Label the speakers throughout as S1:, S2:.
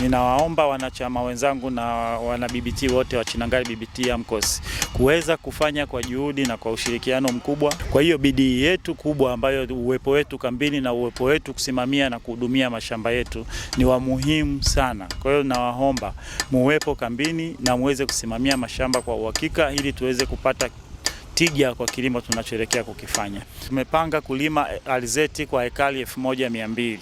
S1: Ninawaomba wanachama wenzangu na wana BBT wote wa Chinangali BBT Mkosi kuweza kufanya kwa juhudi na kwa ushirikiano mkubwa. Kwa hiyo bidii yetu kubwa ambayo uwepo wetu kambini na uwepo wetu kusimamia na kuhudumia mashamba yetu ni wa muhimu sana. Kwa hiyo nawaomba muwepo kambini na muweze kusimamia mashamba kwa uhakika ili tuweze kupata tija kwa kilimo tunachoelekea kukifanya. Tumepanga kulima alizeti kwa hekari elfu moja mia mbili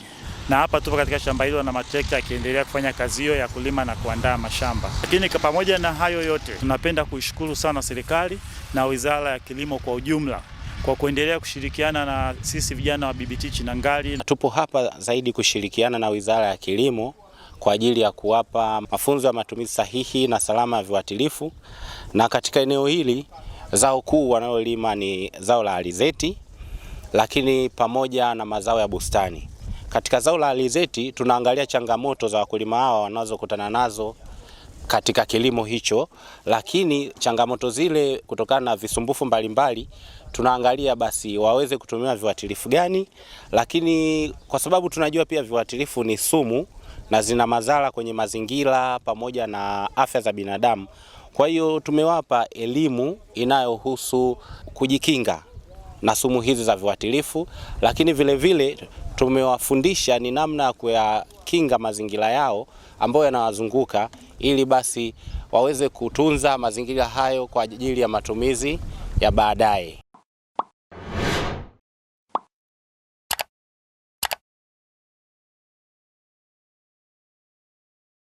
S1: na hapa tupo katika shamba hilo na matrekta akiendelea kufanya kazi hiyo ya kulima na kuandaa mashamba. Lakini pamoja na hayo yote, tunapenda kuishukuru sana serikali na Wizara ya Kilimo kwa ujumla kwa kuendelea kushirikiana na sisi vijana wa BBT Chinangali.
S2: Tupo hapa zaidi kushirikiana na Wizara ya Kilimo kwa ajili ya kuwapa mafunzo ya matumizi sahihi na salama ya viuatilifu, na katika eneo hili zao kuu wanayolima ni zao la alizeti, lakini pamoja na mazao ya bustani. Katika zao la alizeti tunaangalia changamoto za wakulima hawa wanazokutana nazo katika kilimo hicho, lakini changamoto zile kutokana na visumbufu mbalimbali tunaangalia basi waweze kutumia viuatilifu gani, lakini kwa sababu tunajua pia viuatilifu ni sumu na zina madhara kwenye mazingira pamoja na afya za binadamu. Kwa hiyo tumewapa elimu inayohusu kujikinga na sumu hizi za viuatilifu, lakini vilevile tumewafundisha ni namna ya kuyakinga mazingira yao ambayo yanawazunguka ili basi waweze kutunza mazingira hayo kwa ajili ya matumizi ya baadaye.